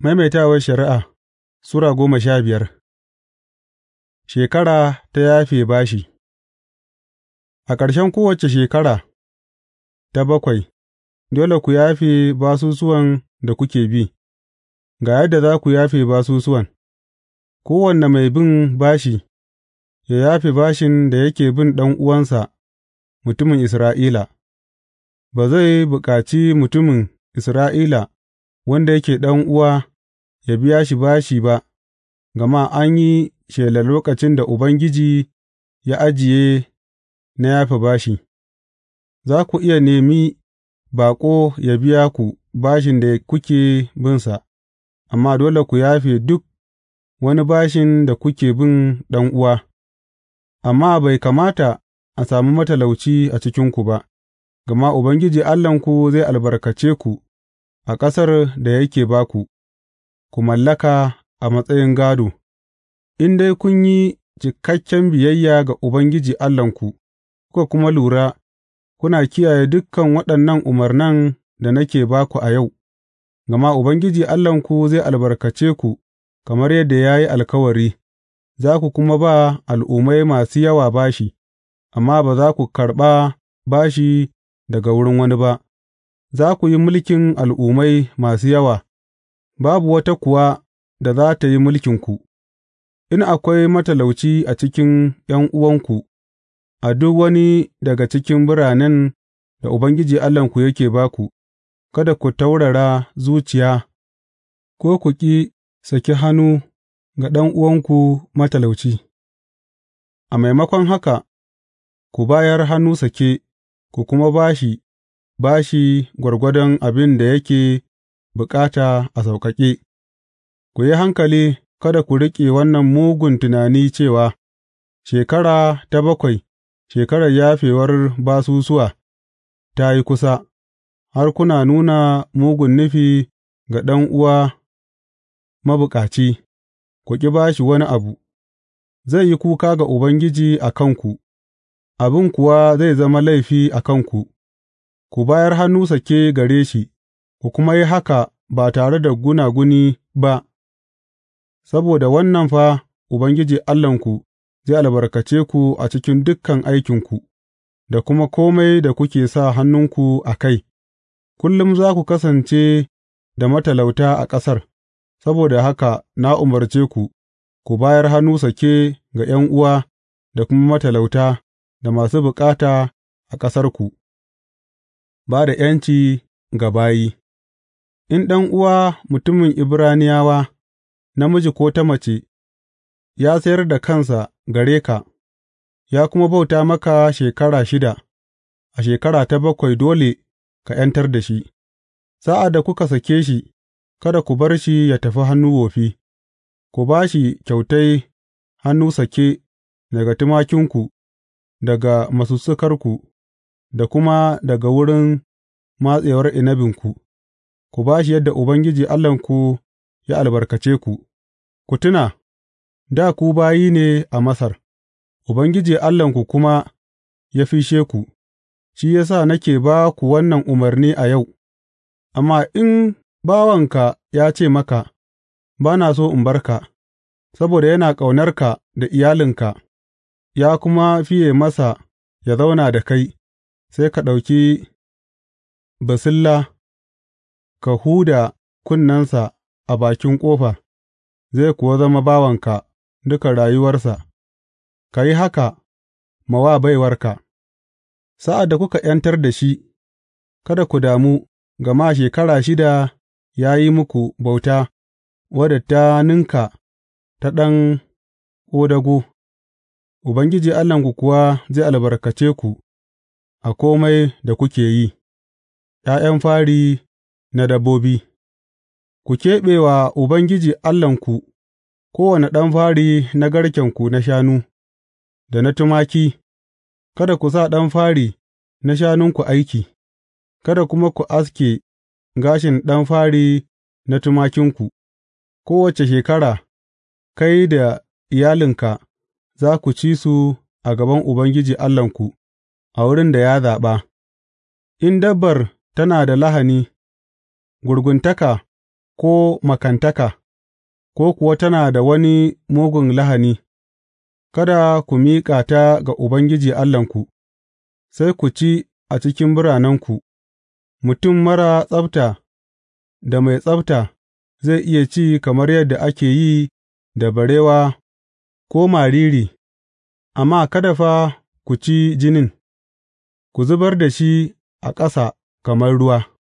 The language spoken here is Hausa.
Maimaitawar Shari'a Sura goma sha biyar Shekara ta yafe bashi A ƙarshen kowace shekara ta bakwai, dole ku yafe basusuwan da kuke bi, ga yadda za ku yafe basusuwan, kowane mai bin bashi, ya yafe bashin da yake bin ɗan uwansa mutumin Isra'ila, ba zai buƙaci mutumin Isra'ila. wanda yake ɗan'uwa ya biya shi bashi ba, gama an yi shela lokacin da Ubangiji ya ajiye na yafe bashi, za ku iya nemi baƙo ya biya ku bashin da kuke binsa, amma dole ku yafe duk wani bashin da kuke bin ɗan'uwa, amma bai kamata a sami matalauci a cikinku ba, gama Ubangiji Allahnku zai albarkace ku. a ƙasar da yake ba ku, ku mallaka a matsayin gādo, in dai kun yi cikakken biyayya ga Ubangiji Allahnku, kuka kuma lura, kuna kiyaye dukan waɗannan umarnan da nake ba ku a yau, gama Ubangiji Allahnku zai albarkace ku kamar yadda ya yi alkawari, za ku kuma ba al'ummai masu yawa bashi, amma ba za ku karɓa bashi daga wurin wani ba. za ku yi mulkin al'ummai masu yawa, babu wata kuwa da za tă yi mulkinku, in akwai matalauci a cikin ’yan'uwanku, a duk wani daga cikin biranen da Ubangiji Allahnku yake ba ku, kada ku taurara zuciya ko ku ƙi saki hannu ga ɗan'uwanku matalauci, a maimakon haka, ku bayar hannu sake, ku kuma ba shi. ba shi gwargwadon abin da yake bukata a sauƙaƙe, ku yi hankali kada ku riƙe wannan mugun tunani cewa, Shekara ta bakwai, shekarar yafewar basusuwa, ta yi kusa, har kuna nuna mugun nufi ga ɗan uwa mabukaci, ku ƙi ba shi wani abu, zai yi kuka ga Ubangiji a kanku, abin kuwa zai zama laifi a kanku. ku bayar hannu sake gare shi, ku kuma yi haka ba tare da gunaguni ba, saboda wannan fa Ubangiji Allahnku zai albarkace ku a cikin dukan aikinku, da kuma kome da kuke sa hannunku a kai, kullum za ku kasance da matalauta a ƙasar, saboda haka na umarce ku, ku bayar hannu sake ga uwa da kuma matalauta da masu bukata a ƙasarku. ba da ’yanci ga bayi In ɗan'uwa mutumin Ibraniyawa, namiji ko ta mace, ya sayar da kansa gare ka, ya kuma bauta maka shekara shida, a shekara ta bakwai dole ka ’yantar da shi, sa'ad da kuka sake shi, kada ku bar shi ya tafi hannu wofi, ku ba shi kyautai hannu sake daga tumakinku, daga masussukarku. da kuma daga wurin matsewar inabinku, ku ba shi yadda Ubangiji Allahnku ya albarkace ku, ku tuna, da ku bayi ne a Masar, Ubangiji Allahnku kuma ya fishe ku, shi ya sa nake ba ku wannan umarni a yau, amma in bawanka ya ce maka, Ba na so in bar saboda yana ƙaunarka da iyalinka, ya kuma fiye masa ya zauna da kai. sai ka ɗauki basilla ka huda kunnensa a bakin ƙofa, zai kuwa zama bawanka dukan rayuwarsa, ka yi haka ma wa baiwarka, sa'ad da kuka ’yantar da shi, kada ku damu, gama shekara shida ya yi muku bauta wadda ta ninka ta ɗan ƙodago, Ubangiji Allahnku kuwa zai albarkace ku. a kome da kuke yi, ’ya'yan fari na dabbobi Ku keɓe wa Ubangiji Allahnku kowane ɗan fari na garkenku na shanu, da na tumaki, kada ku sa ɗan fari na shanunku aiki, kada kuma ku aske gashin ɗan fari na tumakinku, kowace shekara, kai da iyalinka za ku ci su a gaban Ubangiji Allahnku. a wurin da ya zaɓa, in dabbar tana da lahani, gurguntaka ko makantaka, ko kuwa tana da wani mugun lahani, kada ku miƙa ta ga Ubangiji Allahnku, sai ku ci a cikin biranenku, mutum mara tsabta da mai tsabta zai iya ci kamar yadda ake yi da barewa ko mariri, amma kada fa ku ci jinin. ku zubar da shi a ƙasa kamar ruwa.